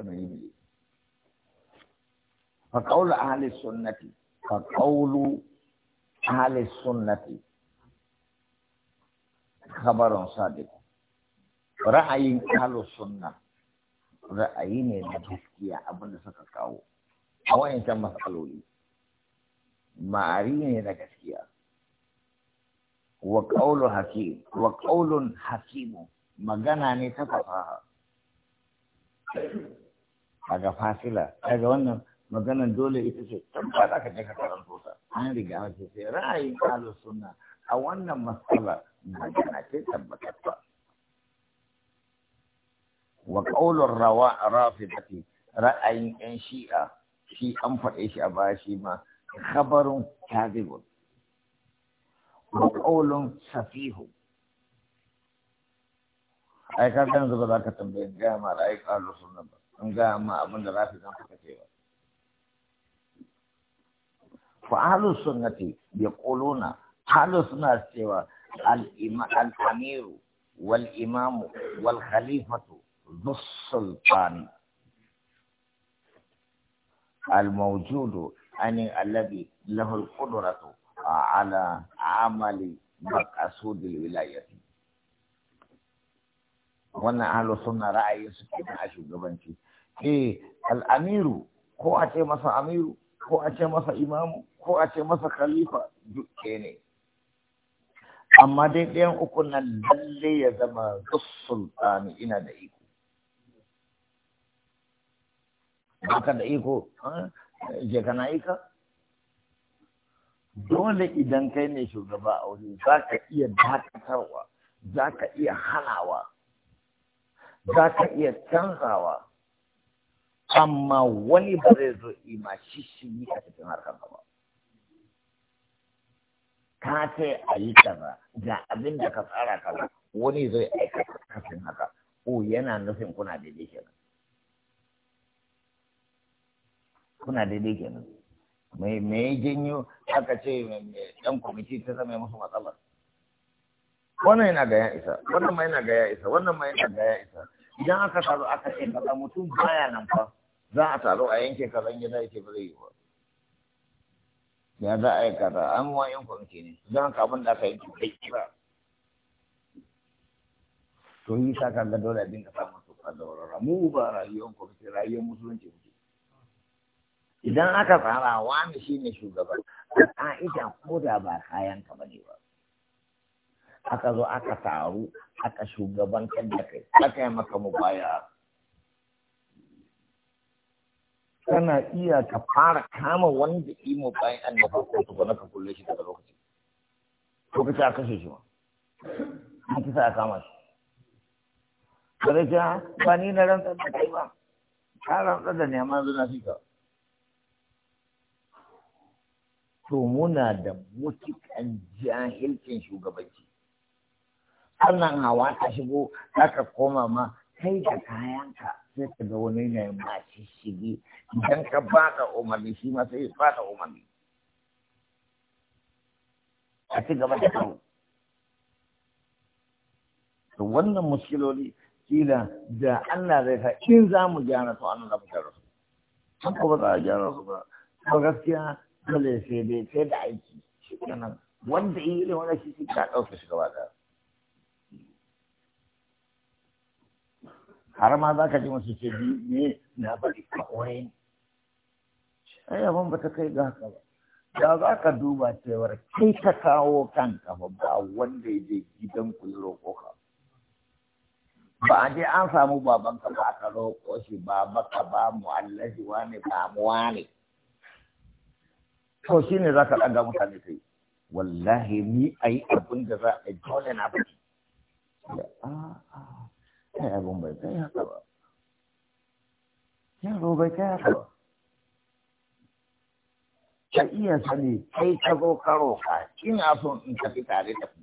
تبعيدي فقول أهل السنة فقول أهل السنة خبر صادق ra'ayin ahlus sunna ra'ayi ne na gaskiya abinda suka kawo a wayancan matsaloli ma'ari ne na gaskiya wa qawlu hakim wa qawlun hakim magana ne ta fasaha kaga fasila kaga wannan maganan dole ita ce ba za ka je ka karanto ta an riga wace sai ra'ayin kalu sunna a wannan mas'ala magana ce tabbatarwa wa qaulur rawa rafidati ra'ayin yan shi'a shi an faɗe shi a baya shi ma khabarun kadhibun wa qaulun safihu ai ka kan zuba za ka tambaye ga ma ra'ayin kalu sunna ba an ga ma abin da za su zan suka ce ba fa ahlus sunnati yaquluna ahlus suna cewa al-amiru wal imamu wal khalifatu dhus sultani الموجود أن الذي له القدرة على عمل مقصود الولاية wannan ahlu sunna ra'ayin suke kenan a shugabanci eh al'amiru ko a ce masa amiru ko a ce masa imamu ko a ce masa khalifa duke ne amma dai ɗayan uku nan lalle ya zama duk sultani ina da iko baka da iko je na ika dole idan kai ne shugaba a wuri za ka iya dakatarwa za ka iya hanawa za ka iya canzawa amma wani ba zai zo ima shi shi a cikin harkar ba ka ce a yi kaza ga abin da ka tsara kaza wani zai aikata kafin haka o yana nufin kuna daidai kenan kuna daidai kenan mai mai janyo aka ce ɗan kwamiti ta zama musu matsalar wannan yana ga ya isa wannan ma yana ga ya isa wannan ma yana ga ya isa idan aka taru aka ce kaza mutum baya nan fa za a taru a yanke kazan gida yake ba zai yi ba ya za a yi kaza an wa yan kwamiti ne don haka abin da aka yanke bai kira to yi sa kan gado da din ka samu su ka daurara mu ba rayuwar kwamiti rayuwar musulunci muke idan aka tsara wani shi ne shugaba a ita ko da ba kayan ka bane ba aka zo aka taru aka shugabantar da kai aka yi maka baya. kana iya ka fara kama wanda imo bayan an da farko su na ka kulle shi daga lokaci lokaci aka kashe shi ma an kisa a kama shi ba zai ja ah, ba ni na rantsar da kai ba ka rantsar da nema zuna shi ka to muna da mutukan jahilcin shugabanci sannan hawa ta shigo za ka koma ma kai da kayanka sai ka ga wani ne ba shi shige idan ka baka umarni shi ma sai baka umarni a ci gaba da kawo to wannan muskiloli kila da Allah zai sa in za mu gyara su Allah mu gyara su an kuma za a gyara su ba to gaskiya dole sai dai sai da aiki shi kenan wanda yi irin wani shi ka ɗauke shi gaba har ma za ka ji masu ce ne na bari kawai ne abin ba ta kai ga haka ba da za ka duba cewar kai ta kawo kanka ba ba wanda ya je gidan ku roƙo ka ba a je an samu babanka ba aka roƙo shi baba ka ba mu allahi wani ba mu ne to shi ne za ka ɗaga mutane kai wallahi ni a yi abin da za a yi dole na baki kai abin bai ba yaro bai kai ba ka iya sani kai ka zo karo ka ina son in tafi tare da ku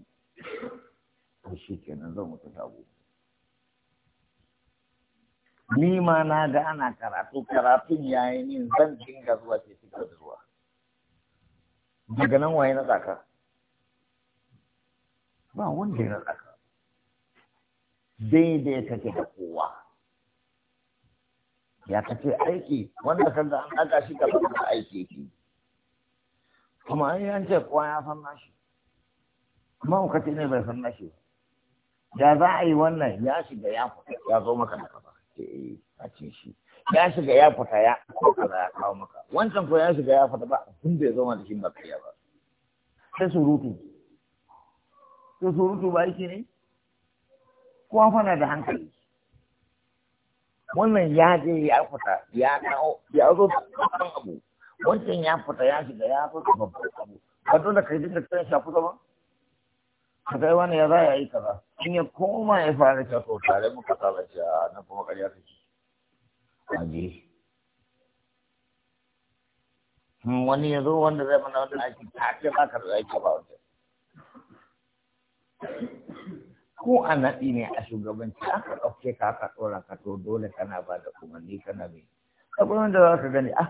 to shi kenan zan mutu ta tabo ni ma na ga ana karatu karatun yayi min zan dinga zuwa ce suka zuwa daga nan waye na tsaka ba wanda ya na tsaka daidai kake da kowa ya kace aiki wanda ka ga an ɗaga shi gaba da aiki ki kuma an yi an ce kowa ya san nashi kuma ce ne bai san nashi da za a yi wannan ya shiga ya fita ya zo maka da kafa ce a cin shi ya shiga ya fita ya da ya kawo maka wancan ko ya shiga ya fita ba tun da ya zo da shi ba kariya ba sai surutu sai surutu ba yake ne kuma fana da hankali wannan ya je ya fita ya kawo ya zo babban abu wancan ya fita ya shiga ya zo babban abu ba dole kai duk da kan shafi ba ka kai wani ya za ya yi kaza in ya koma ya fara ka to tare mu tsara shi a ah, nan kuma ƙarya kake a je hmm, wani ya zo wanda zai mana wanda ake ta ce ba ka da ake ba wanda ku anak ini ne a shugabanci oke kakak orang aka ɗora ka to dole kana ba da umarni kana mai abubuwan da za ka gani ah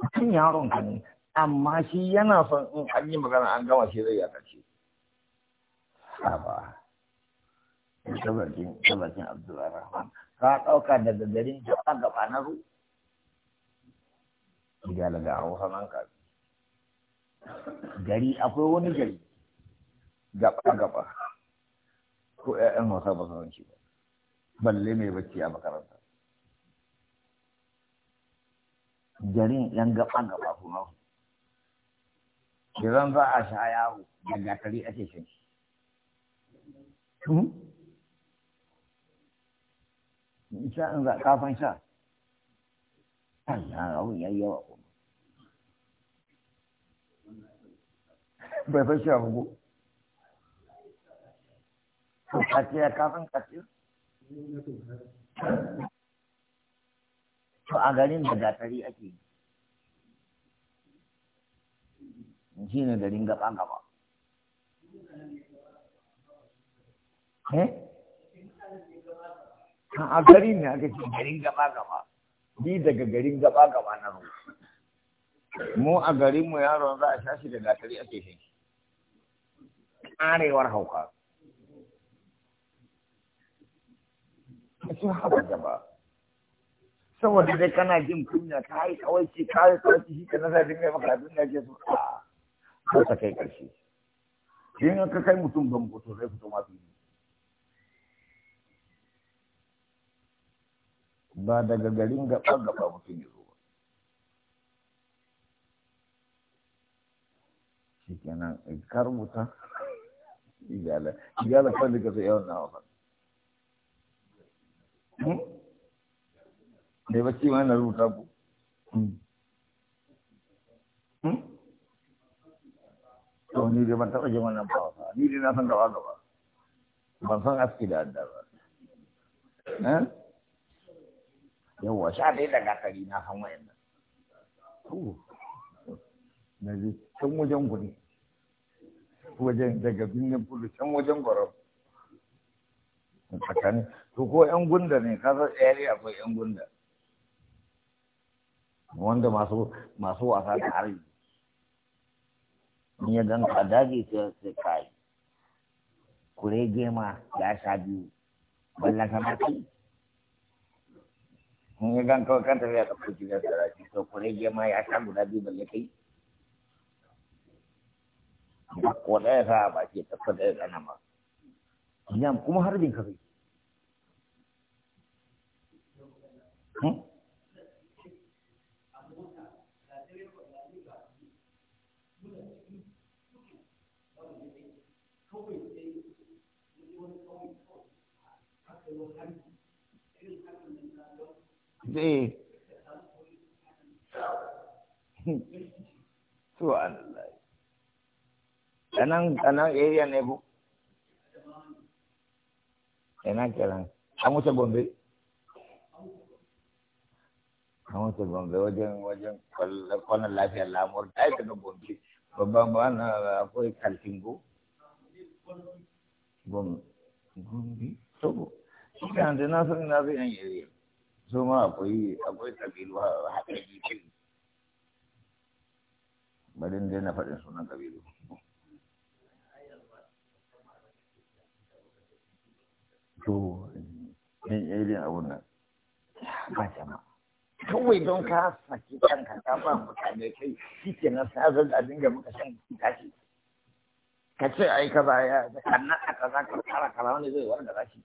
mutum yaron ka ne amma shi yana son in an yi magana an gama shi zai yaka ce ba tabbacin tabbacin abdulrahman ka ɗauka daga garin jama'a gaba na ru gida daga hausaman ka gari akwai wani gari gaba gaba ko ƴaƴan wasa ba san shi ba balle mai bacci a makaranta jarin yan gaba gaba kuma kiran za a sha yawo da gatari ake shan shi hmm? sha in za kafan sha Allah ya yi yawa kuma bai fashe abu kaciya kafin ce? to a garin da gatari ake yi shi ne garin gaba gaba eh a gari ne aka ce garin gaba gaba ni daga garin gaba gaba na ruwa mu a garinmu yaron za a shi da gatari ake shi arewar hauka ka ce haba gaba saboda dai kana jin kunya ka yi kawai ce ka yi kawai shi ka nasa dinga maka abin da ke so a ko ta kai ƙarshe shi in ka kai mutum ban fito zai fito ma fili ba daga garin gaba gaba mutum ya zo ba shi kenan ka rubuta iyala iyala kawai ka sai yawan na wafa mai hmm? bacci ma na rubuta ku hmm. Hmm? to ni dai ban taɓa jin wannan ba ni dai na san gaba gaba ban san aski da adda ba eh? yawwa sha ɗaya da kari na san wayan nan na ji can wajen ku ne wajen daga birnin kudu can wajen gwaron tsakanin to ko yan gunda ne ka san tsayari akwai yan gunda wanda masu masu wasa da harbi ni ya ka daji sai sai kai kure gema ya sha biyu balla ka maki in ya gan kawai kan tafiya ka fuki da shi to kure gema ya sha guda biyu balla kai ko ɗaya sa ba ce ta ɗaya ɗana ma Nyam kuma har ka zai. zai su an anan area ne ku ina kiran an wuce gombe an wuce gombe wajen wajen kwanan lafiyar lamur ta yi daga gombe babban ba na akwai kaltingo gombe so su ka na san na zai yan yare akwai akwai kabilu haɗe jikin bari dai na faɗin sunan kabilu to jin eh, eh, irin abun ba jama'a kawai don ka saki kanka ka ba mutane kai shi ke na sa da dinga muka shan tashi ka ce ai ka baya da kannan a kaza ka kara kara wani zai wanda za shi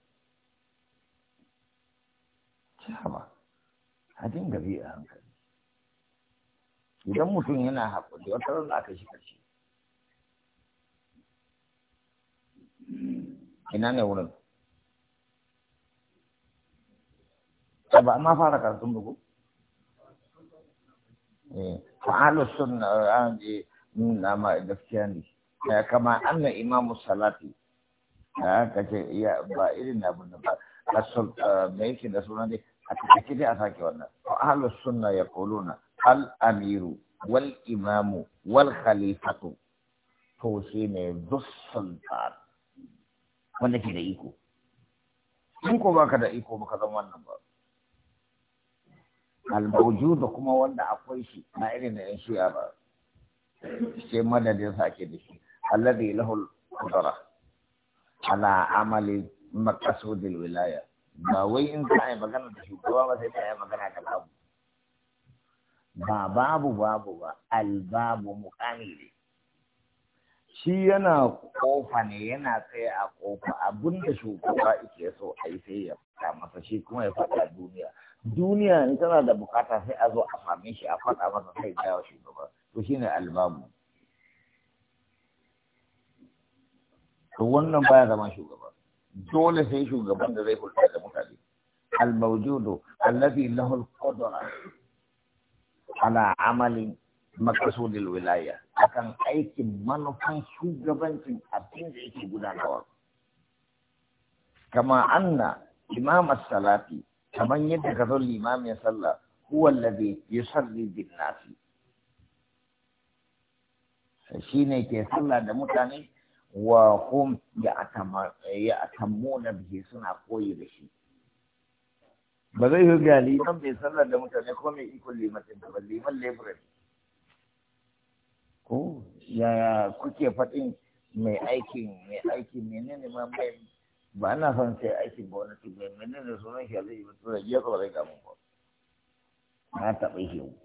sama a dinga bi a hankali idan mutum yana haƙuri wata ran aka shi ƙarshe ina ne wurin Coba ma fara karatun bugu eh, fa'alu sunnah an je nuna ma kama anna imam salati haka ce iya ba irin abin da ba asul ah, me yake da suna ne a take dai a sake wannan fa'alu sunna yaquluna al amiru wal imamu wal khalifatu to shi ne dussultan wanda ke da iko in ko baka da iko baka zan wannan ba almauju da kuma wanda akwai shi na irin da yan shiya ba sai madadin sake da shi alladhi lahu al ala amali maqasudil wilaya ba wai in ka yi magana da shugaba ba sai ka yi magana da babu ba babu babu ba albabu mukami ne shi yana kofa ne yana tsaye a kofa abinda shugaba yake so a yi sai ya fita masa shi kuma ya faɗa duniya duniya ne tana da bukata sai a zo a same shi a faɗa masa sai ya wa shugaba to shine albabu to wannan baya zama shugaba dole sai shugaban da zai hulɗa da mutane al-mawjudu allazi lahu al-qudra ala amalin maqsudil wilaya akan aikin manufan shugabancin abin da yake gudanarwa kama anna imam as salafi kamar yadda ka zon limamin sallah huwa alladhi yusalli bin nasi shine ke sallah da mutane wa hum na bihi suna koyi da shi ba zai yi ga liman bai sallah da mutane ko mai ikon limatin ba liman lebrin ko ya kuke faɗin mai aikin mai aikin menene ma mai ba na son sai aikin gwamnati bai mene ne sunan shi alaji ba tsoron ya tsoron ga mun ba na taɓa shi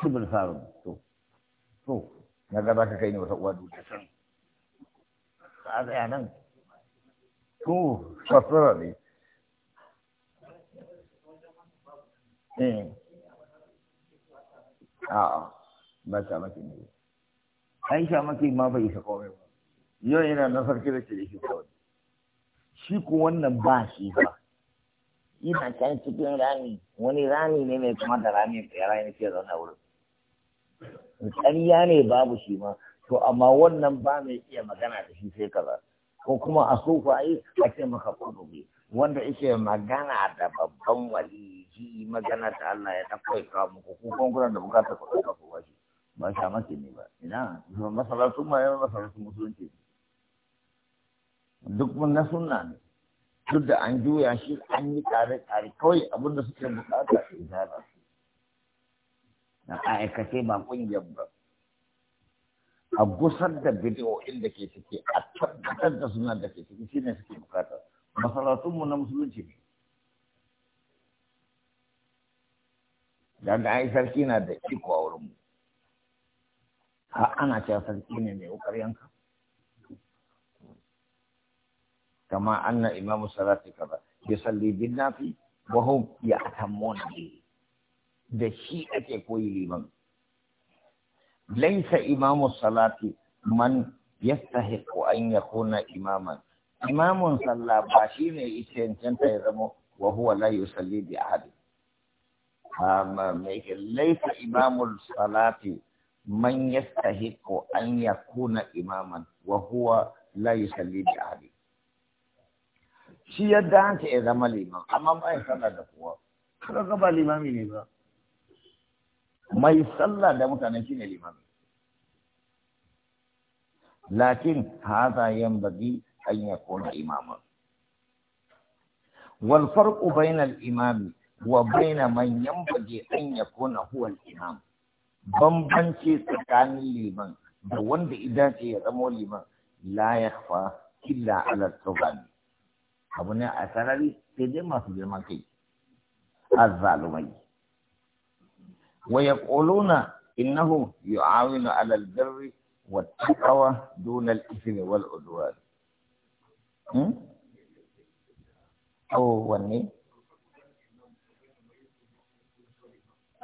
cibin sarun to to na ga za ka kai ni wata uwa duniya can a tsaya nan to sassara ne eh a'a ba ta maki ne aisha maki ma bai isa komai ba yau yana na sarki da ciniki kawai shi ko wannan ba shi ba ina can cikin rami wani rami ne mai kuma da rami ya rami ke zaune wurin ƙarya ne babu shi ma to amma wannan ba mai iya magana da shi sai kaza ko kuma a sofa ai a ce maka kudubi wanda yake magana da babban wali magana da Allah ya tafai ka muku ko kun kuna da bukatar ku ku ba shi ba shi a ne ba ina masalatu ma yana masalatu musulunci duk mun na sunna ne duk da an juya shi an yi tare tare kawai abin da suke bukata su na aikace ba kungiyar ba a gusar da bidiyo inda ke ciki a tabbatar da suna da ke ciki shine suke bukata masaratunmu na musulunci ne daga ai sarki na da iko a mu. ha ana cewa sarki ne mai wukar yanka كما salati kaza yusalli bin nafi wa hum ya'tamun bi? da shi ake koyi liman laysa imamu salati man yastahiqu an yakuna imaman imamun sallah ba shi ne cancanta ya zama wa huwa la yusalli bi ahad laysa imamu salati man yastahiqu an yakuna imaman wa huwa la yusalli bi ahad shi yadda an ya zama liman amma ba ya sallah da kuwa. kada ka ba limami ne ba mai sallah da mutane shine limami lakin hadha yanbaghi an yakuna imama wal farqu bayna al imami wa bayna man yanbaghi an yakuna huwa al imam bambanci tsakanin liman da wanda idan ya zama liman la yakhfa illa ala حبوني اثر لي تدي في دماغي الظالمي ويقولون انه يعاون على البر والتقوى دون الاثم والعدوان او وني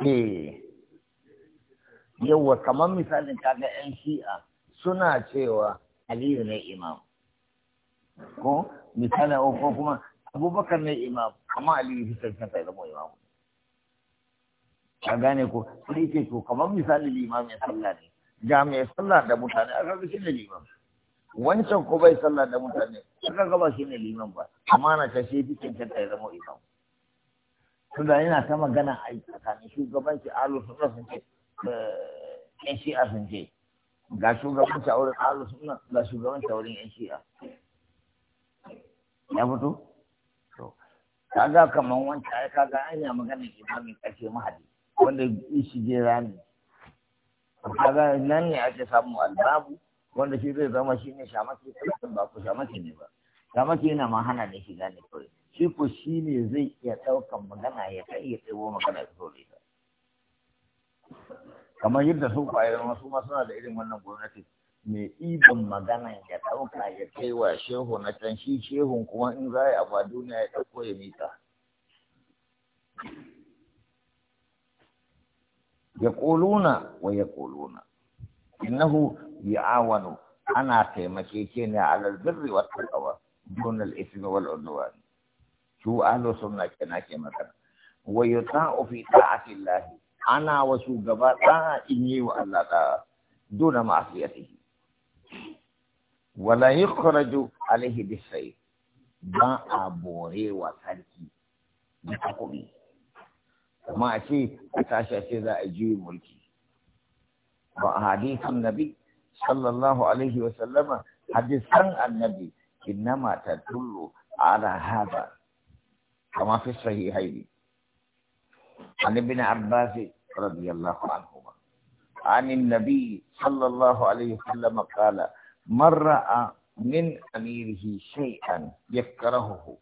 ايه يو كمان مثال كان ان شيء سنا تشوا علي بن امام ko misali ko kuma abubakar ne imam amma ali ya fi kanta da mu imam ka gane ko sai ce ko kamar misali ya sallah ne ga mai sallah da mutane aka ga shi ne liman wancan ko bai sallah da mutane aka ga ba shi ne liman ba amma na ta shi fi cancanta ya zama imam tunda yana ta magana a tsakanin shugabanci alu sunna sun ce eh, yan shi'a sun ce ga shugabanci a wurin alu sunna ga shugabanci a wurin yan shi'a ya fito to kaga kaman wancan ai kaga an yi magana imamin ƙarshe mahadi wanda shi je rami kaga nan ne ake samu albabu wanda shi zai zama shi ne shamaki ba ku shamaki ne ba shamaki yana ma hana ne shiga ne kawai shi ko shi ne zai iya ɗaukan magana ya kai ya tsawo magana ya fito kamar yadda su kwayoyin wasu ma suna da irin wannan gwamnati mai ɗiban magana ya ɗauka ya kai wa shehu na can shi shehun kuma in za a ba duniya ya ɗauko ya mita. Ya ƙuluna wa ya ƙuluna. Innahu ya awanu ana taimake ke ne a lalbirri wa taƙawa Donal al'ismi wal unwan. Su ahlu sunna ke na ke magana. Wa yuta'u fi ta'atillahi ana wasu gaba ɗa'a in yi wa Allah dona ma'afiyar ma'asiyatihi. ولا يخرج عليه بالسيف ما ابوري وسلكي بتقوي كما اشي اتاشا شي ذا ملكي وحديث النبي صلى الله عليه وسلم حديث عن النبي انما تدل على هذا كما في الصحيحين عن ابن عباس رضي الله عنهما عن النبي صلى الله عليه وسلم قال man ra'a min amirihi shay'an yakrahuhu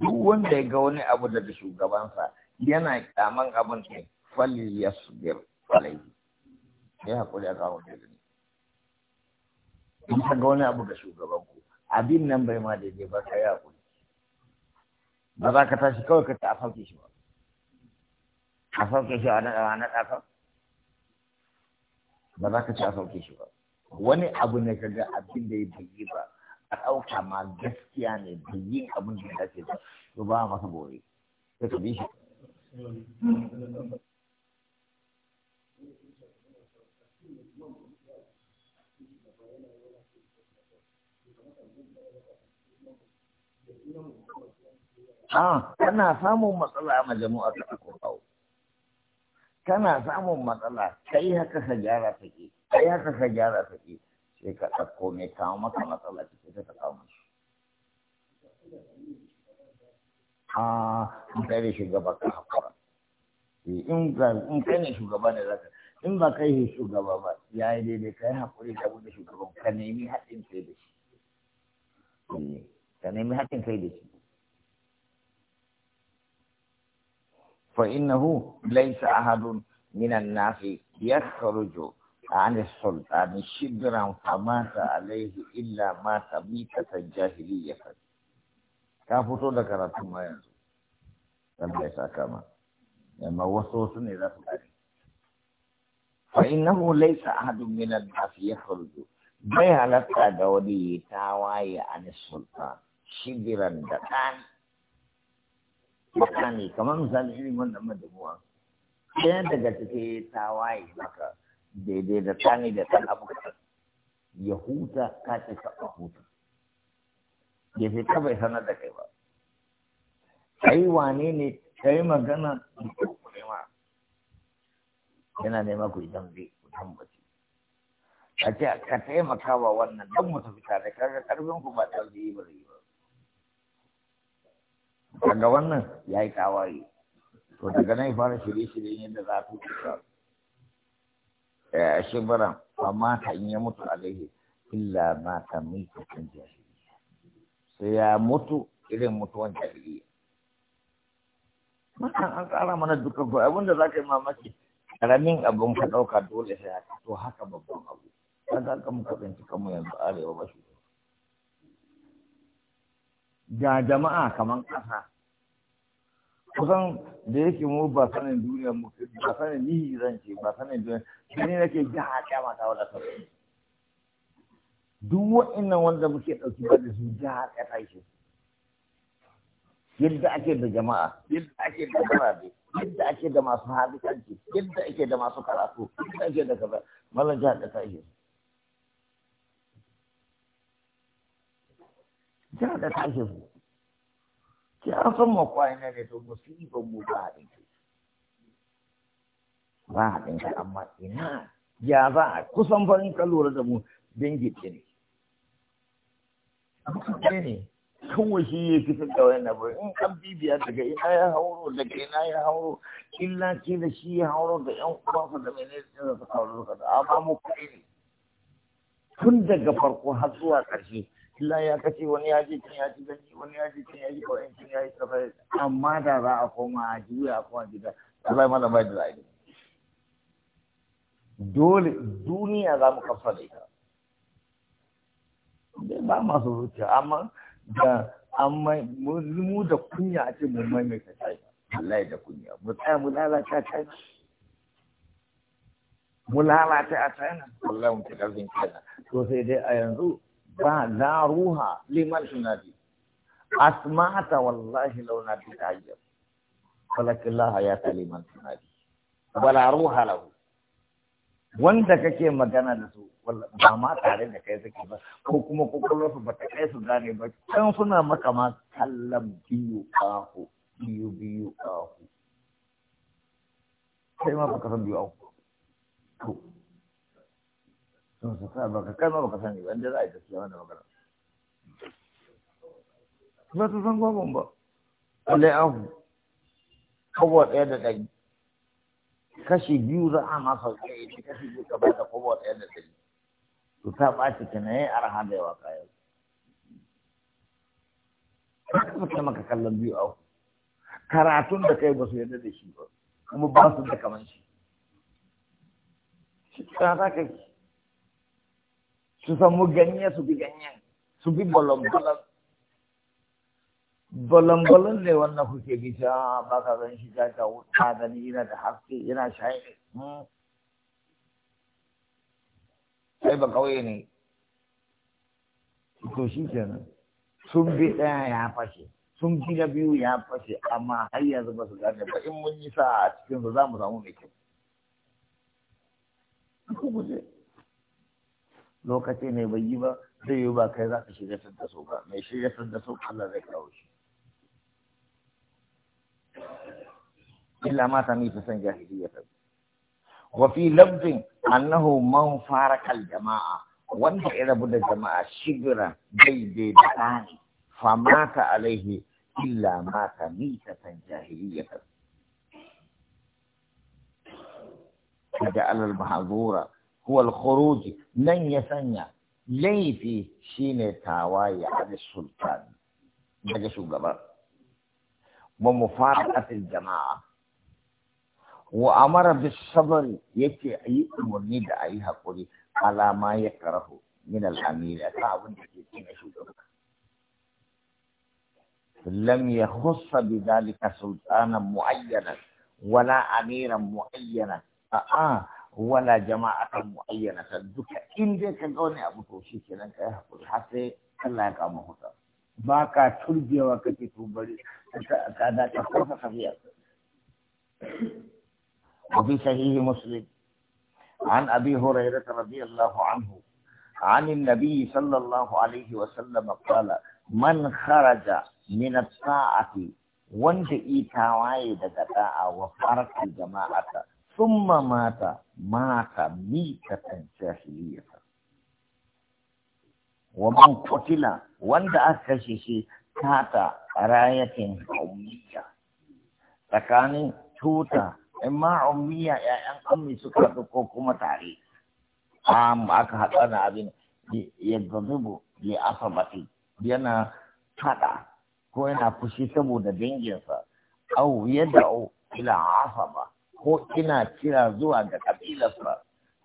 duk wanda ya ga wani abu daga shugabansa yana kyaman abin ne fal yasbir alayhi sai hakuri a kawo da ni in ga wani abu da shugaban ku abin nan bai ma daidai ba kai hakuri ba za ka tashi kawai ka ta a sauke shi ba a sauke shi a naɗa ka ba za ka ci a sauke shi ba wani abu ne kaga abin da ya bayi ba a ɗauka ma gaskiya ne yi abin da ya ce ba to ba masa bore sai ka bi shi Ah, kana samun matsala a majamu'ar a aka kawo. Kana samun matsala, kai haka ka gyara take. حياه سياره في شركه تقوم كاومه كما طلعت في شركه كاومه اه كيف شغبا كاحقرا ان قال ان كان شغبا لك ان بقيه شغبا ما يا ايدي لك يا حقري لو ده شغبا كان يمي حد في ده كان يمي حد في ده فانه ليس احد من الناس يخرج عن السلطان شبرا فمات عليه إلا مات ميتة جاهلية كافتو ذكرتم ما ينزل لم يسا كما لما وصوص إذا فلان فإنه ليس أحد من الناس يخرج بها لك دولي تاواي عن السلطان شبرا دكان دكاني كما مثال إلي من أمد موان ɗaya daga cikin daidai da sani da san abu ya huta ka ce ka huta ya fi ta bai sanar da kai ba kai wane ne kai magana yana nema ku idan zai ku tambaci a ce ka taimaka wa wannan don mu tafi tare kaga karfin ku ba tarbi ba zai ba daga wannan ya yi kawai to daga nan fara shirye-shiryen yadda za ku tsara Eh, shimfara fa ma in ya mutu alaihi illa mata mita kan jahiliya sai ya mutu irin mutuwan jahiliya wannan an tsara mana duka ko abin da za ka yi mamaki karamin abin ka ɗauka dole sai ya to haka babban abu an za ka muka tsinci kanmu yanzu arewa ba shi da jama'a kamar ƙasa kusan da yake mu ba sanin duniya mu ba sanin ni zan ce ba sanin duniya ne nake ji a ah, kyama ta sai duk wa'annan wanda muke ɗauki ba da su ji a kai shi yadda ake da jama'a yadda ake da gurabe yadda ake da masu hadisanci yadda ake da masu karatu yadda ake da kaza mallan ji a kai shi ji a kai shi ki an san ma kwana ne to musibin mu ba haɗin kai ba haɗin amma ina ya za a kusan farin ka lura da mu dangi ce ne ne kawai shi ya in an bibiya daga ina ya hauro daga ina ya hauro illa ke da shi ya hauro da yan uwansa da mai nesa da suka hauro amma mu ne tun daga farko har zuwa ƙarshe illa ya kace wani ya ji can ya ji gani wani ya ji can ya ji kawai can ya yi kawai amma da za a koma a juya a koma gida Allah mana bai da zai dole duniya za mu kafa da ita dai ba masu zuciya amma da amma mu da kunya a ce mu mai mai maimaita China wallahi da kunya mu tsaya mu lalata a China mu lalata a China Allah mu ta karfin China to sai dai a yanzu ba na ruha liman tunadi asma'ata wallahi law nadi ayyab walakin la hayata liman tunadi wala ruha lahu wanda kake magana da su ba ma tare da kai suke ba ko kuma su ba ta kai su gane ba can suna maka ma kallam biyu kahu biyu biyu kahu sai ma baka san biyu kahu sun su sa baka kai ma baka sani wanda za a yi tafiya wanda magana ba su san gwamnan ba allai ahu kawo ɗaya da ɗari kashi biyu za a masa kai ita kashi biyu ka bata kowa ɗaya da ɗari to ta ɓaci kina yayi arha da yawa kayan suka maka kallon biyu a karatun da kai ba su yadda da shi ba kuma ba su da kaman shi shi ta za su samu ganye su bi ganyen su bi bolon-bolon bolon-bolon ne wannan kuke bi ta ba ka zan shiga ta wuta da ni yana da haske yana shayi sai hmm. ba kauye ne to shi nan sun bi ɗaya ya fashe sun bi na biyu ya fashe amma har yanzu ba su gane ba in mun yi sa a cikin za mu samu mai kyau lokaci ne bai yi ba zai yi ba kai za ka shirya da su ba mai shirya da su Allah zai kawo shi illa ma ta nufi san jahiliya ta wa fi lafzin annahu man faraka jama'a wanda ya rabu da jama'a shibira daidai da ɗani famata alaihi illa ma ta nufi san jahiliya ta da alal mahazura والخروج لن يسنيا لي في شين تاواي على السلطان بجا شو ومفارقة الجماعة وأمر بالصبر يكي أي أمرني دعيها قولي على ما يكره من الأمير تعاون يكي شو لم يخص بذلك سلطانا معينا ولا أميرا معينا آه, آه. ولا جماعة معينة دكا إن دي كدوني أبو توشي كنان حتى حقل حسي كلا يقام هوتا باكا تلجي وكتي توبالي كادا تخوف خفيات وفي صحيح مسلم عن أبي هريرة رضي الله عنه عن النبي صلى الله عليه وسلم قال من خرج من الطاعة وانت إيتاوائي دكتاء وفرق الجماعة summa mata mata mitatan jahiliyata wa man kutila wanda aka kashe shi tata rayatin ummiya tsakanin tuta amma ummiya 'ya'yan ammi suka haɗu ko kuma tare am aka haɗa na abin ya zazubu ya asabati yana haɗa, ko yana fushi saboda danginsa au ya da'u ila asaba ko ina kira zuwa ga kabilarsa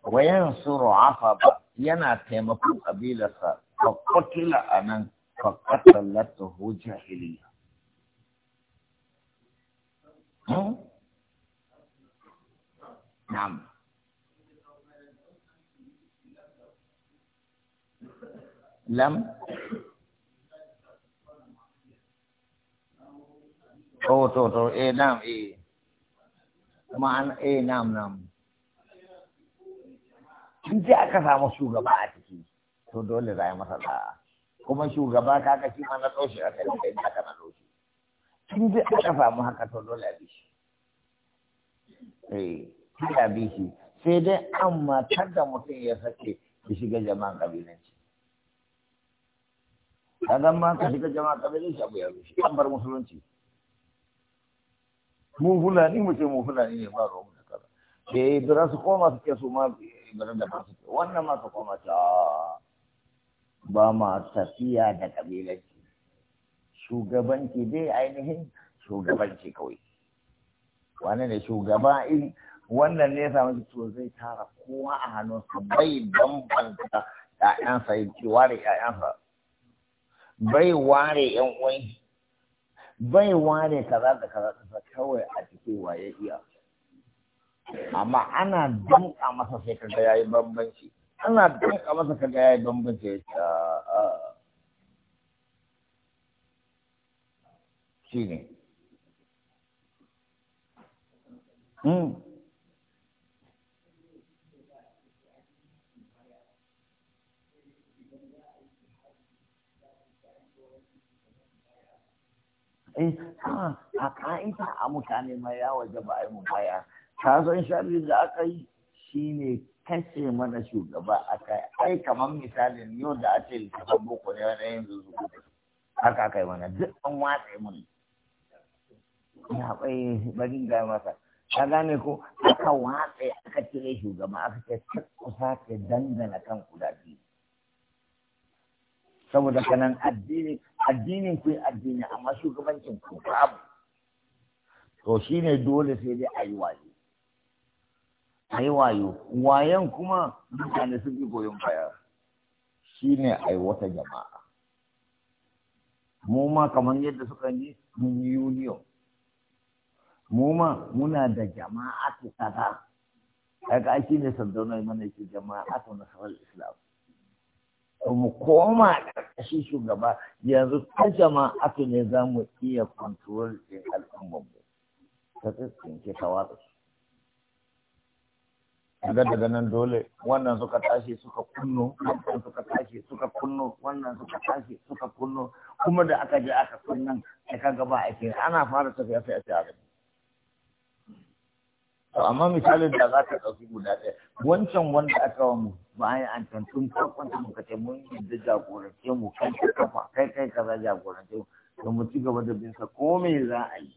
wa yansuru ba yana taimako kabilarsa fa qutila anan fa qatalatuhu jahiliya hmm? Na'am. Lam Oh, to, to, eh, na'am, eh. ma'ana eh nam nam in ji aka samu shugaba a ciki to dole za a yi masa tsara. kuma shugaba ka shi mana tsoshi a kai kai ta kana tsoshi. in ji aka samu haka to dole a bi shi eh sai a bi shi sai dai an matar da mutum ya sake ki shiga jama'an ƙabilanci kaga ma ka shiga jama'an ƙabilanci abu ya rushe an bar musulunci mu fulani mu ce mu fulani ne ba ruwan da kaza ke da su koma su ce su ma ibada da ba su ce wannan ma su koma ta ba ma tafiya da kabilanci shugabanci dai ainihin shugabanci kawai wannan ne shugaba in wannan ne ya samu to zai tara kowa a hannunsa bai bambanta ƴaƴansa ya ce ware ƴaƴansa bai ware yan uwan bai ware kaza da kaza da kawai a ciki waye iya amma ana danka masa sai kaga yayi bambanci ana danka masa kaga yayi bambanci shine mm Eh, a ka'ida a mutane ma ya waje ba a yi baya ka sharri da aka yi shine kashe mana shugaba a kai. ai kamar misalin yau da a ce littafin boko ne wani yanzu su haka aka yi mana duk an watsa mun ya bai eh, bari ga masa ka gane ko aka watsa aka cire shugaba aka ce Kusa sake dangana kan kudaji saboda kanan addini addinin ku addini amma shugabancin ku babu to shine dole sai dai ayi wayo ayi wayo wayan kuma mutane sun fi goyon baya shine ayi wata jama'a mu ma kamar yadda suka yi mun yi union mu ma muna da jama'a kaza kaga shi ne sardauna mana shi jama'a ta nasarar islam mu koma ƙarƙashin shugaba yanzu ta jama'atu ne za mu iya kwantuwar ɗin mu ta tsinke ta watsa daga daga nan dole wannan suka tashi suka kunno wannan suka tashi suka kunno wannan suka tashi suka kunno kuma da aka je aka kunnan ya kaga ba aikin ana fara tafiya sai a ce to amma misalin da za ka ɗauki guda ɗaya wancan wanda aka wa mu bayan an tantun farkon da muka ce mun yadda jagorance mu kai ka kafa kai kai ka za jagorance mu to mu ci gaba da bin sa ko me za a yi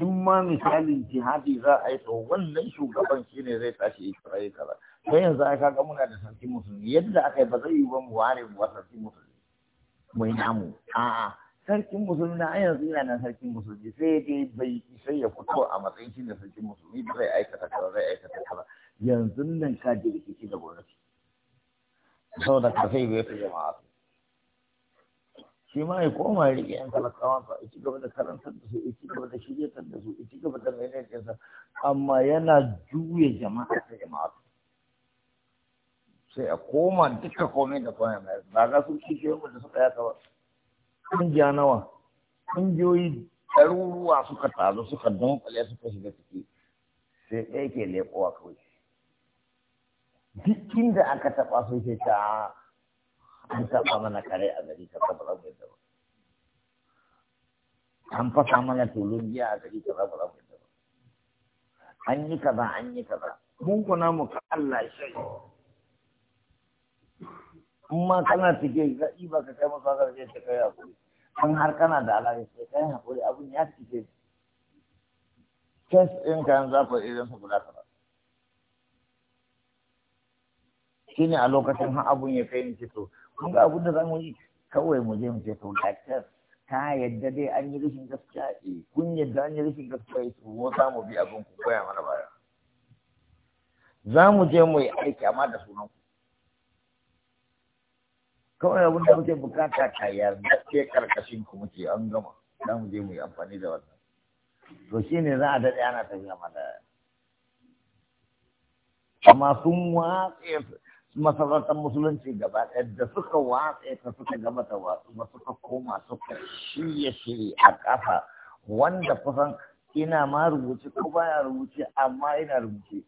in ma misalin jihadi za a yi to wannan shugaban shi ne zai tashi ya kira kaza to yanzu ai ga muna da sarki musulmi yadda aka yi ba zai yi ba mu ware mu sarki musulmi mu yi namu a'a sarkin musulmi na yanzu yana na sarkin musulmi sai dai bai sai ya fito a matsayin shi da sarkin musulmi ba zai aikata kaza zai aikata kaza yanzu nan ka je rikici da gwamnati saboda ka sai bai fi jama'a su shi ma ya koma ya rike yan talakawan sa ya ci gaba da karanta da su ya ci gaba da shiryatar da su ya ci gaba da menene sa amma yana juya jama'a ta jama'a sai a koma duka komai da komai ba ga su mu da suka yaka ba ƙungiya nawa ƙungiyoyi ɗaruruwa suka taru suka dunkule suka shiga ciki sai ɗaya ke leƙowa kawai duk inda aka taɓa su ce ta an taɓa mana kare a gari ta taɓa za da ba an fasa mana tulun giya a gari ta taɓa za da ba an yi kaza an yi kaza mun kuna mu ka Allah shi amma kana cike ga yi ba ka kai masa haka sai ta kai hakuri an har kana da alaƙa sai kai hakuri abin ya cike kes ɗin kayan zafa irin su guda kaza shi ne a lokacin har abun ya kai ni ce to kun ga abun da zan yi kawai mu je mu ce to daktar ta yadda dai an yi rashin gaskiya eh kun yadda an yi rashin gaskiya eh mu za mu bi abin ku koya mana baya za mu je mu yi aiki amma da sunan ku kawai abin da muke bukata ka yarda ke karkashin ku muke an gama za mu je mu yi amfani da wannan to shi ne za a daɗe ana tafiya mata amma sun watse masarautar musulunci gaba ɗaya da suka watsa, ta suka gama ta watsu ba suka koma suka shirye shirye a ƙasa wanda kusan ina ma rubuce ko baya rubuce amma ina rubuce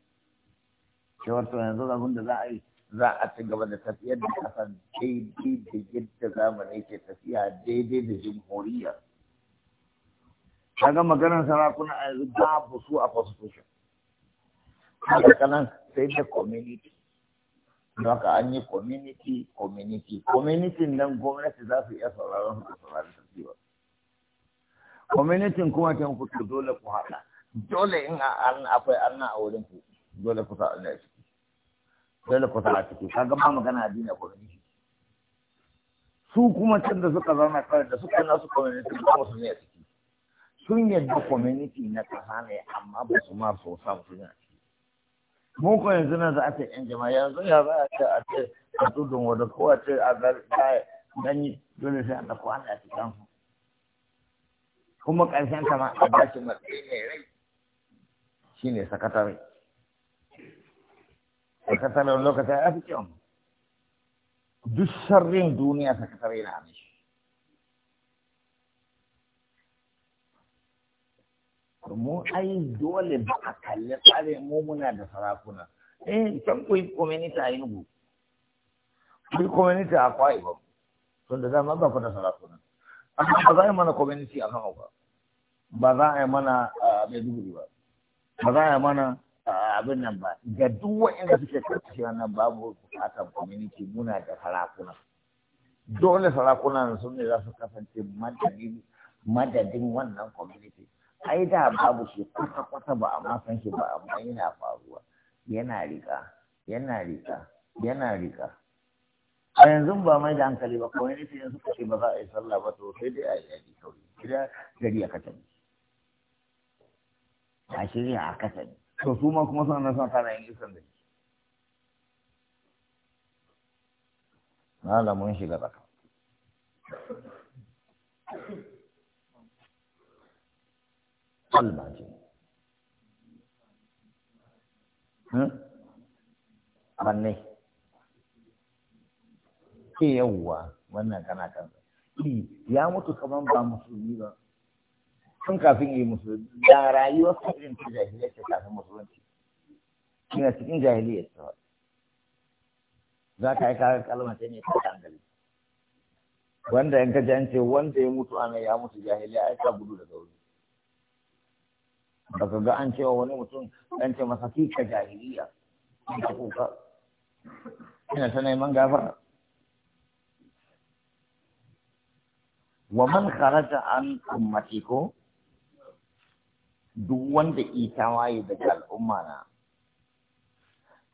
Shawar to yanzu abin da za a yi za a ci gaba da tafiyar da kasan daidai da yadda zamani ke tafiya daidai da jamhuriya kaga maganar sarakuna a yanzu babu su a constitution kaga kanan sai da community don haka an yi community community community nan gwamnati za su iya sauraron su sauraron tafiyar community kuma ta muku dole ku haɗa dole in an akwai an na a wurin ku dole ku sa'a ne dole ku sa a ciki kaga ba magana addini a community su kuma can da suka zama kawai da suka su community ba su ne a ciki sun yadda community na kasa ne amma ba su ma so sa su ne a ciki mu ko yanzu na za a ce yan jama'a yanzu ya za a ce a ce a tudun wadda ko a ce a zarta gani dole sai an ko ana cikin kan kuma ƙarshen ta ma a bashi matsayi ne rai shine sakatare sakataren lokacin ya fi kyau duk sharrin duniya sakatare na mishi mu ai dole ba a kalli tsarin mu muna da sarakuna eh can kuyi community a inugu ku community a kwai ba tun da zama ba ku sarakuna amma ba za a yi mana community a kan ba ba za a yi mana a maiduguri ba ba za a yi mana abin nan ba ga duk waɗanda suke karkashi wannan babu bukatan community muna da sarakuna dole sarakuna sun ne za su kasance madadin wannan community ai da babu shi kwata-kwata ba amma san shi ba amma yana faruwa yana riƙa yana riƙa yana riƙa a yanzu ba mai da hankali ba kawai ne yanzu ka ce ba za a yi sallah ba to sai dai a yi yaji kawai gida gari a ne a shirya a ne to su ma kuma suna nan suna tana yin isan da shi malamin shiga tsaka kalma ce hmm? ne ke eh, yawwa wannan kana kan eh, ya mutu kaman ba musulmi ba tun kafin yi musulunci da rayuwar su irin ta jahiliya ce kafin musulunci ina cikin jahiliya ta za ka yi kawai kalmar ta ne ta hankali wanda in ka ce wanda ya mutu ana ya mutu jahiliya ai ka gudu daga ba baka ga an cewa wani mutum an ce masa ka jahiliya ya ka kuka ina ta neman gafara wa man kharaja an ummatikum duk wanda ita waye daga al'umma na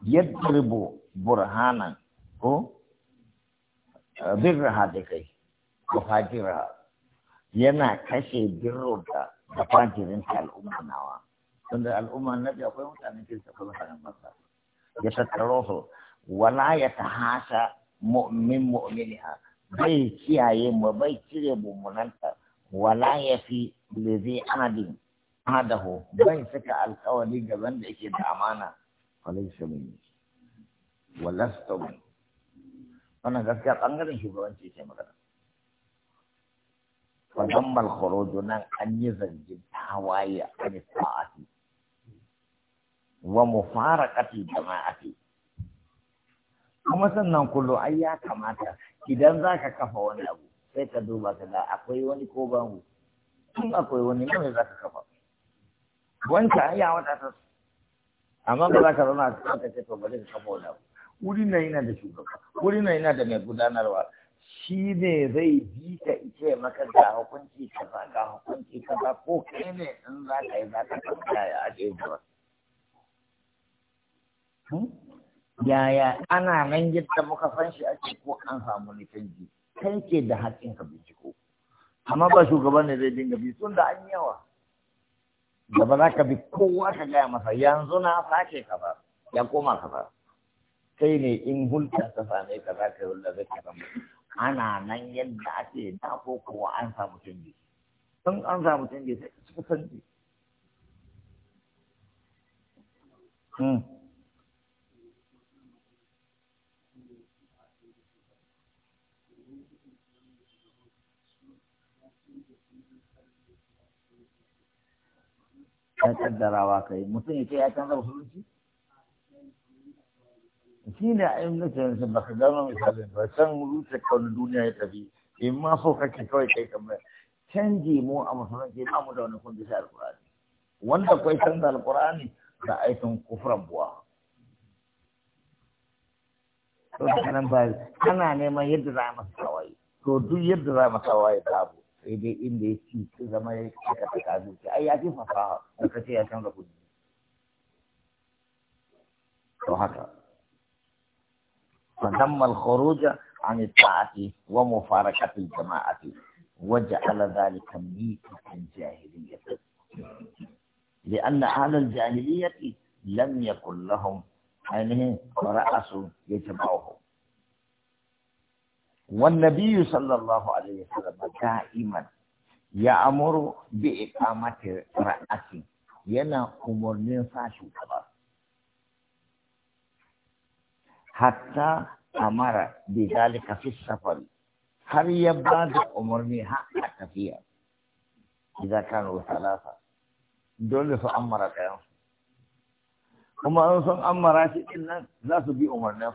yadribu burhanan ko eh, birraha da kai ko fajira yana kashe birro da da fajirin al'umma nawa tunda al'umma na da akwai mutanen suka ko mutanen masa ya tattaro su wala ya tahasha mu'min mu'miniha bai kiyaye mu bai cire mummunanta wala ya fi lizi adin. hadahu bai saka alkawari ga wanda yake da amana falaysa minni walasta minni wannan gaskiya bangaren shugabanci ce magana fasammal khuruju nan an yi zargin tawaye an sa'ati wa mufaraqati jama'ati kuma sannan kullu ai ya kamata idan zaka kafa wani abu sai ka duba ka akwai wani ko babu in akwai wani ne zaka kafa wancan ya wadatar amma ba za ka zama a cikin ka to bari ka kama wani abu wuri na yana da shugaba wuri na yana da mai gudanarwa shi ne zai ji ka ice maka ga hukunci kaza ga hukunci kaza ko kai ne in za ka yi za ka kanta ya ake zuwa hmm? yaya ana nan yadda muka san shi a ce ko an samu ni canji kai ke da haƙƙin ka binciko amma ba shugaban ne zai dinga bi sun da an yawa da ba za ka bi kowa ka gaya masa yanzu na sake ka ba ya koma ka ba sai ne in hulɗa ta same ka za ka hulɗa zai ka ana nan yadda ake da ko kuwa an samu canji in an samu canji sai ka ci canji Allah kaddarawa kai mutum ya ce ya canza musulunci shi ne a yin nufin su ba ka gano misalin ba can rusa kan duniya ya tafi in ma so kake kawai kai kamar canji mu a musulunci ba mu da wani kun bisa alkur'ani wanda kwai canza alkur'ani da aikin kufran buwa to da kanan ba kana neman yadda za a masa kawai to duk yadda za a masa kawai babu sai dai inda ya ci ta zama ya kaka ta kazu ce ai ya da ka ce ya canza الخروج عن الطاعة ومفارقة الجماعة وجعل ذلك ميتة الجاهلية لأن أهل الجاهلية لم يكن لهم عينه رأس يجمعهم والنبي صلى الله عليه وسلم دائما يأمر بإقامة رأس ينا أمور ننسى شكرا حتى أمر بذلك في السفر هل أمور أمرني حق فيها إذا كانوا ثلاثة دول فأمر كلامهم kuma an san an mara shi din nan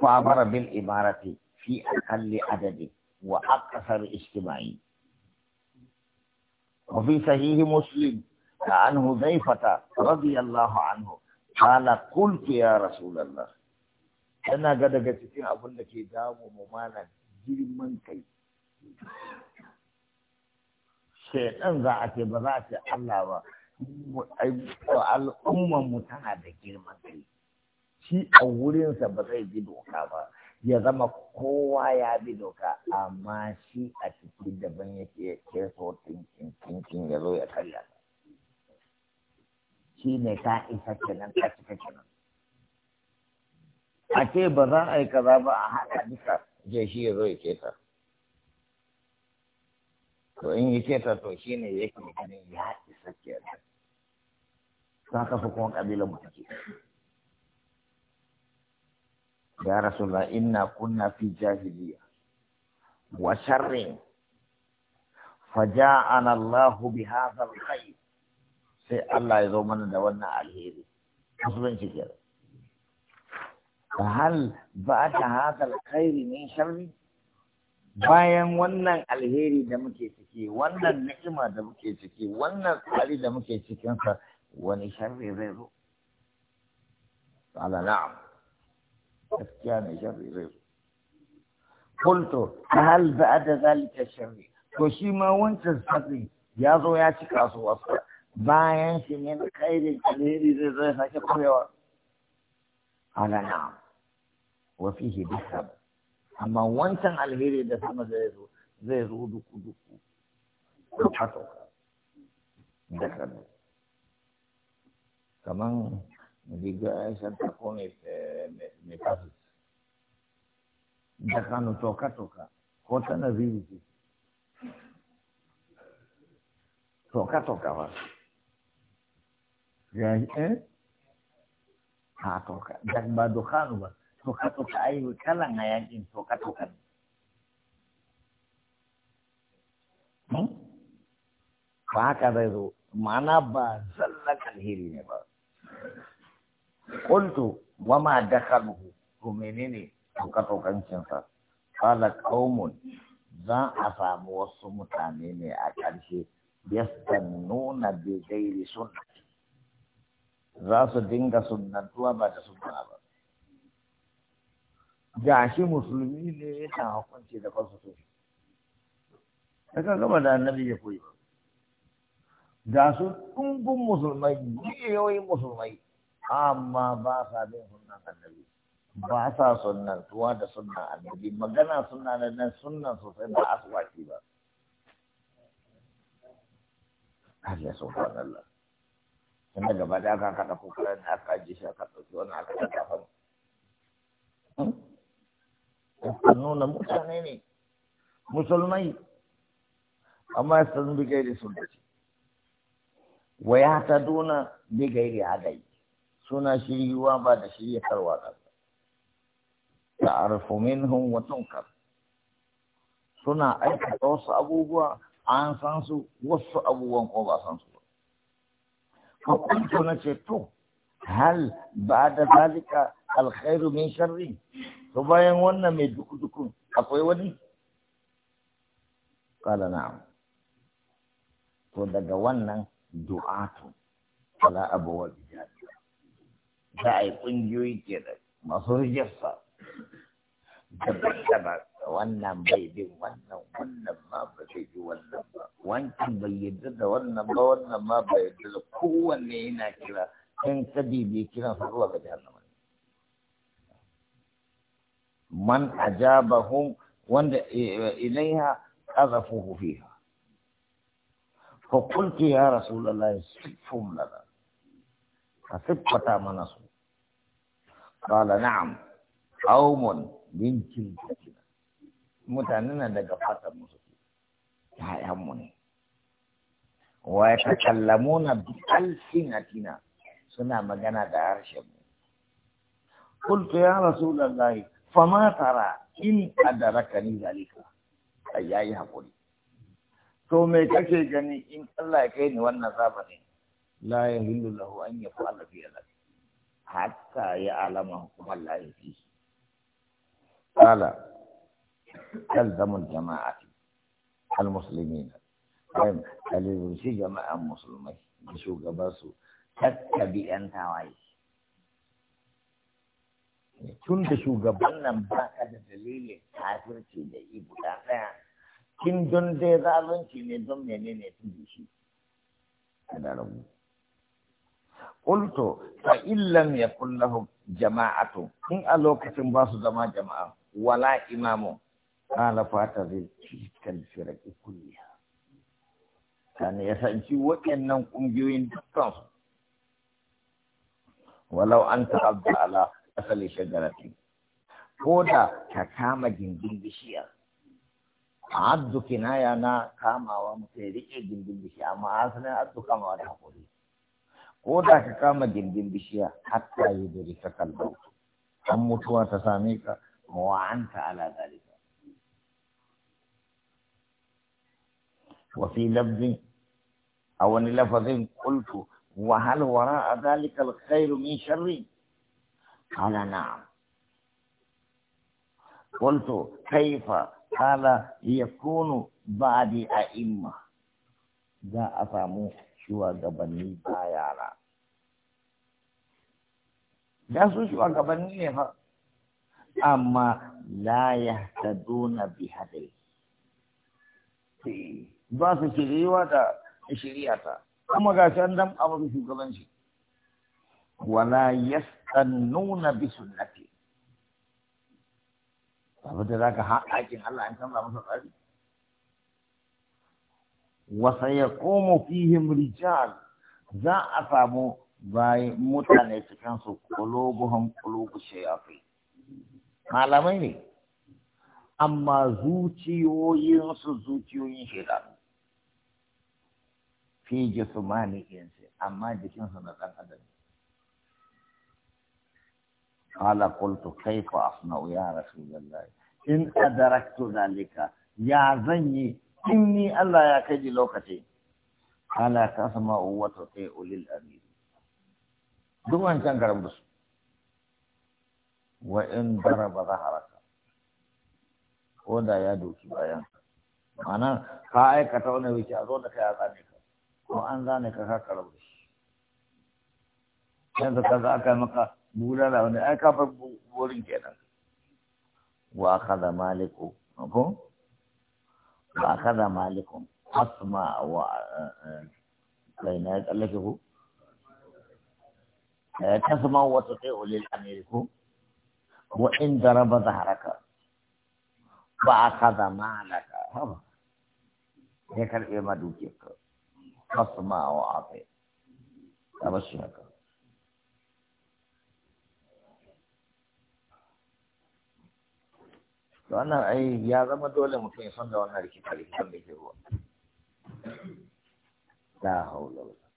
فأمر بالإمارة في أقل عدد وأكثر اجتماعي وفي صحيح مسلم عن حذيفة رضي الله عنه قال قلت يا رسول الله أنا قد قلت أقول لك دام ممانا من كي شيطان za a الله ba za a ce Allah shi a wurinsa ba zai bi doka ba ya zama kowa ya bi doka amma shi a ciki daban yake ya keso tinkin ya zo ya karya shi ne ka isa kenan ka cika kenan a ce ba za a yi kaza ba a haɗa duka je shi ya zo ya keta to in yi keta to shi ne yake ganin ya isa kenan za ka fi kuma ƙabilar mu ya rasulullah inna kunna fi jahiliya wa sharrin faja'ana Allahu bi hadha al sai Allah ya zo mana da wannan alheri musulunci kenan hal ba ta hadal khairi min sharri bayan wannan alheri da muke ciki wannan ni'ima da muke ciki wannan tsari da muke cikin sa wani sharri zai zo ala na'am gaskiya mai sharri zai zo kulto a hal da zalika sharri to shi ma wancan sharri ya zo ya ci kasuwarsa bayan shi ne na kairin alheri zai zo ya koyawa ala na'am wa fihi bishab amma wancan alheri da sama zai zo zai zo duku duku da kato da kaman digo ah, a Santa Cone eh, me fasis da kanu toka toka ko ta na toka ba ya eh ha toka da ba dokanu ba toka toka ai kalan hayakin toka toka ba haka zai zo ma'ana ba zallan alheri ne ba qultu wa ma dakhaluhu ko menene toka tokancin sa qala qaumun za a samu wasu mutane ne a ƙarshe nuna bi ghairi sunnati za su dinga sunnantuwa ba da sunna ba gashi musulmi ne yana hukunci da constitution kan gaba da annabi ya koyi ga su ɗungun musulmai miliyoyin musulmai amma ba sa bin sunnan annabi ba sa sunnan tuwa da sunnan annabi magana sunna da nan sunnan sosai ba aswaki ba Allah subhanallah tun daga ba da aka kada kokarin da aka ji shi aka dauki wannan aka ta hmm? fa nuna mutane ne musulmai amma sun bi gairi sun dace wa ya ta duna bi gairi adai suna shiryuwa ba da shiryatarwa ba ta'arifu minhum wa tunkar suna aikata wasu abubuwa an san su wasu abubuwan ko ba san su ba hukuntu na ce to hal ba da zalika alkhairu min sharri to bayan wannan mai duku-dukun akwai wani kala na'am to daga wannan du'atu ala abuwa bijaniya za a yi ƙungiyoyi ke da masu rijista daban-daban wannan bai bin wannan wannan ma ba zai bi wannan ba wancan bai yadda da wannan ba wannan ma bai yadda da kowanne yana kira in ka bibiye kiran su zuwa ga jahannama man ajabahum wanda ilaiha qazafuhu fiha fa qultu ya rasulullah sifhum lana ka siffata mana su qala na'am qaumun min jildatina mutanen nan daga fatan musu ya'yan mu ne wa yatakallamuna bi alsinatina suna magana da harshen mu qultu ya rasulullahi fama tara in adarakani zalika ai yayi hakuri to me kake gani in Allah ya kai ni wannan zamanin لا يهل له أن يفعل في ذلك حتى يعلمه حكم لا فيه قال تلزم الجماعة المسلمين فهم طيب، هل يرسي جماعة مسلمين بسو قبسو تتبي أنت وعيش كن بسو قبلنا مباكة دليل كافر تدعي بطاقع كن دون دي ظالون كن دون يلين تدعي شيء هذا رغم Ƙulto, fa illan ya kullahu jama'atu, in a lokacin ba su zama jama'a, wala imamu, ƙala fata zai cikin firaƙi kulliya. Kana ya sanci waɗannan ƙungiyoyin su. Wala an ta'abda ala asali shagarati, ko da kama gindin bishiyar. Azzuki na na kamawa mu ya riƙe gindin bishiya, amma asalin azzuka ma da haƙuri. ko da ka kama gindin bishiya hatta yi dare ka kalbo an mutuwa ta same ka wa anta ala zalika wa fi lafzi a wani lafazin qultu wa hal wara zalika alkhairu min sharri qala na'am قلت كيف قال يكون بعد أئمة ذا أفهموه shugabanni ba yara da su shugabanni ne fa amma la yahtaduna bi hadai ba su shiriwa da shiriya ta Amma ga shi an dan abu shugabanci wala yastannuna bi sunnati babu da zaka haƙaƙin Allah an canza masa tsari wasa ya komo fihim rijal za a samu bayan mutane cikinsu kulubuhum kulubu shayafi malamai ne amma zuciyoyinsu zuciyoyin shaidanu fi jisumani yanzu amma jikinsu na ɗan adam قال قلت كيف asna'u ya رسول الله إن أدركت Ya zan yi. in ni Allah ya kai ji lokaci ala ta sama ta sai ulil amiri duk wancan garin su wa in daraba zaharaka ko da ya doki bayan ma'ana ka aikata wani wuce a zo da kai a zane ka ko an zane ka ka da shi yanzu ka za ka maka da wani ai ka burin kenan wa kaza maliku ko فأخذ مالك أصمى و بين قال لك هو تسمع وتطيع للأمير وإن ضرب ظهرك فأخذ مالك هذا إيه هيك ما دوكيك تسمع وعطي تبشرك to wannan ai ya zama dole mutum ya san da wannan rikita rikitan da ke ruwa la haula